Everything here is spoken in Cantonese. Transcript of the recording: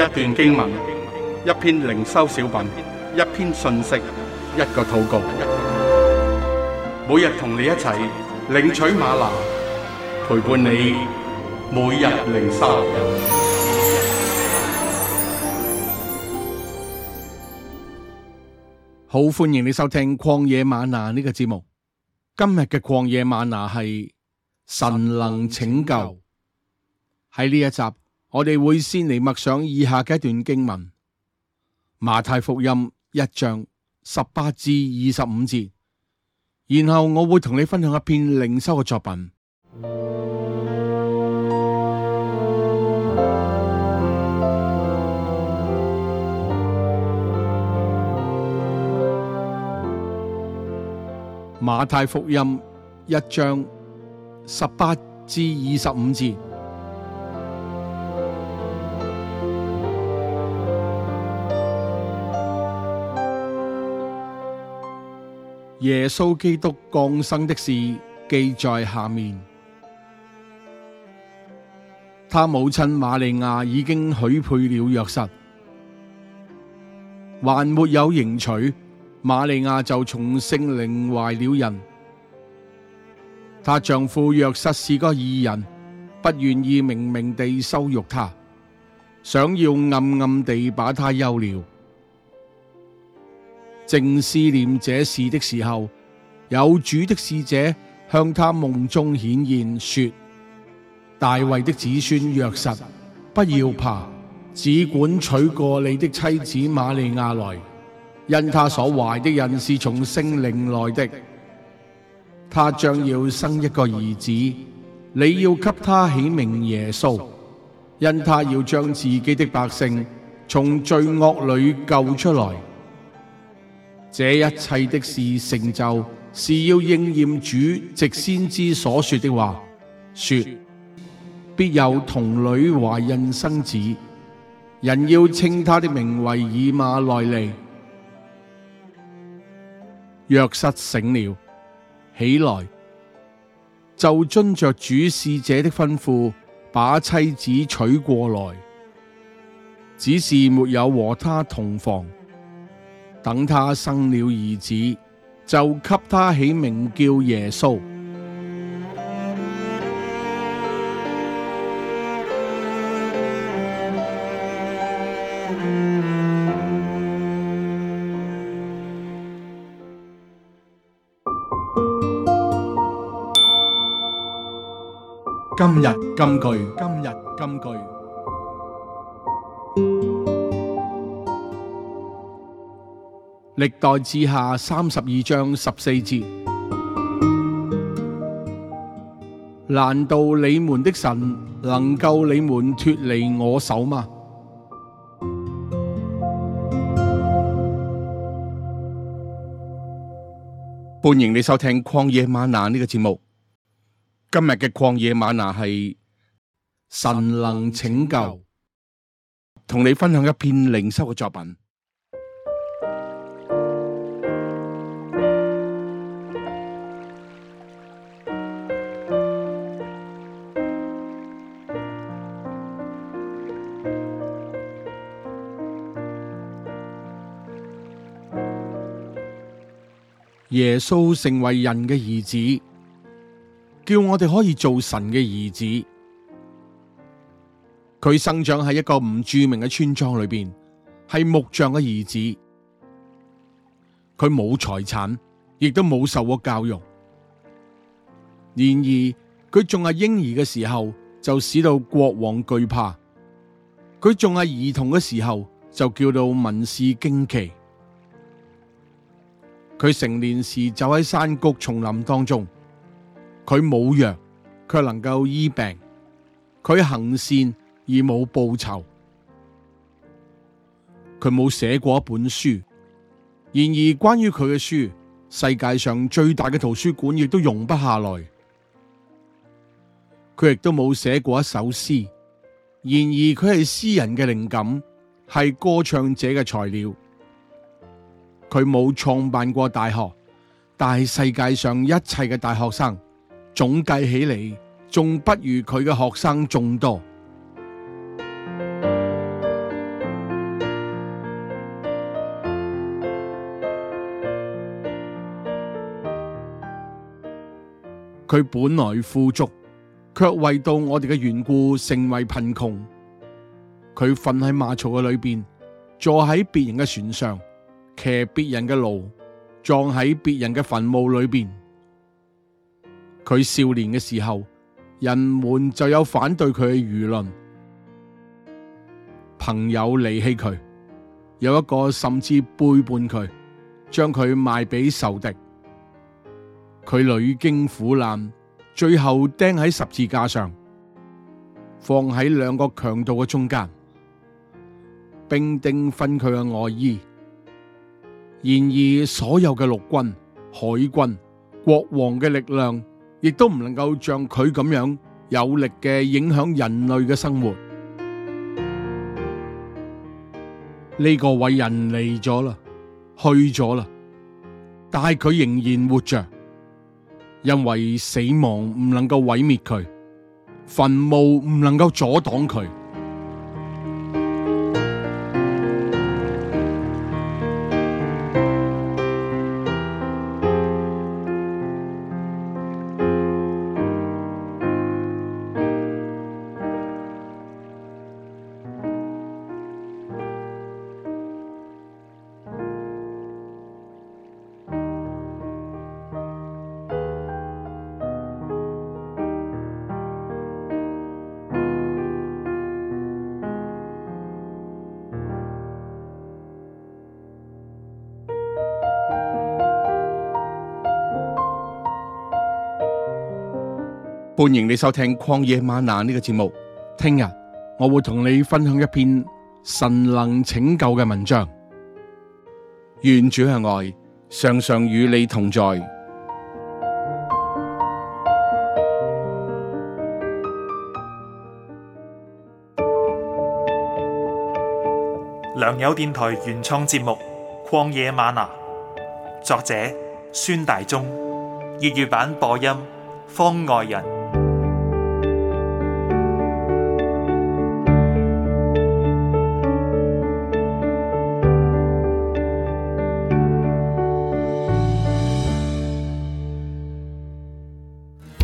一段經文，一篇靈修小品，一篇信息，一個禱告。每日同你一齊領取嗎哪，陪伴你每日靈修。好，歡迎你收聽曠野嗎哪呢個節目。今日嘅曠野嗎哪係神能拯救喺呢一集。我哋會先嚟默想以下嘅一段經文，《馬太福音》一章十八至二十五節，然後我會同你分享一篇靈修嘅作品，《馬太福音》一章十八至二十五節。耶穌基督降生的事記在下面。他母親瑪利亞已經許配了約瑟，還沒有迎娶，瑪利亞就從聖靈懷了孕。她丈夫約瑟是個義人，不願意明明地羞辱她，想要暗暗地把她休了。正思念這事的時候，有主的使者向他夢中顯現，說：大衛的子孫約瑟不要怕，只管娶過你的妻子瑪利亞來，因她所懷的孕是從聖靈來的。他將要生一個兒子，你要給他起名耶穌，因他要將自己的百姓從罪惡裏救出來。這一切的事成就，是要應驗主藉先知所說的話，說，必有童女懷孕生子，人要稱他的名為以馬內利。約瑟醒了起來，就遵着主使者的吩咐，把妻子娶過來，只是沒有和他同房。等他生了兒子，就給他起名叫耶穌。今日金句，今日金句。歷代志下三十二章十四節，難道你們的神能夠你們脱離我手嗎？歡迎你收聽曠野瑪拿呢個節目。今日嘅曠野瑪拿係神能拯救，同你分享一篇靈修嘅作品。耶穌成為人嘅兒子，叫我哋可以做神嘅兒子。佢生長喺一個唔著名嘅村莊裏邊，係木匠嘅兒子，佢冇財產，亦都冇受過教育。然而佢仲係嬰兒嘅時候就使到國王懼怕，佢仲係兒童嘅時候就叫到文士驚奇。佢成年時就喺山谷叢林當中，佢冇藥卻能夠醫病，佢行善而冇報酬，佢冇寫過一本書，然而關於佢嘅書，世界上最大嘅圖書館亦都容不下來。佢亦都冇寫過一首詩，然而佢係詩人嘅靈感，係歌唱者嘅材料。佢冇創辦過大學，但係世界上一切嘅大學生總計起嚟，仲不如佢嘅學生眾多。佢本來富足，卻為到我哋嘅緣故成為貧窮。佢瞓喺馬槽嘅裏邊，坐喺別人嘅船上。騎別人嘅驢，葬喺別人嘅墳墓裏邊。佢少年嘅時候，人們就有反對佢嘅輿論，朋友離棄佢，有一個甚至背叛佢，將佢賣俾仇敵。佢屢經苦難，最後釘喺十字架上，放喺兩個強盜嘅中間，兵丁分佢嘅外衣。然而，所有嘅陸軍、海軍、國王嘅力量，亦都唔能夠像佢咁樣有力嘅影響人類嘅生活。呢個偉人嚟咗啦，去咗啦，但係佢仍然活着，因為死亡唔能夠毀滅佢，墳墓唔能夠阻擋佢。歡迎你收聽曠野嗎哪呢個節目，聽日我會同你分享一篇神能拯救嘅文章。願主嘅愛常常與你同在。良友電台原創節目《曠野嗎哪》，作者孫大中，粵語版播音方外人。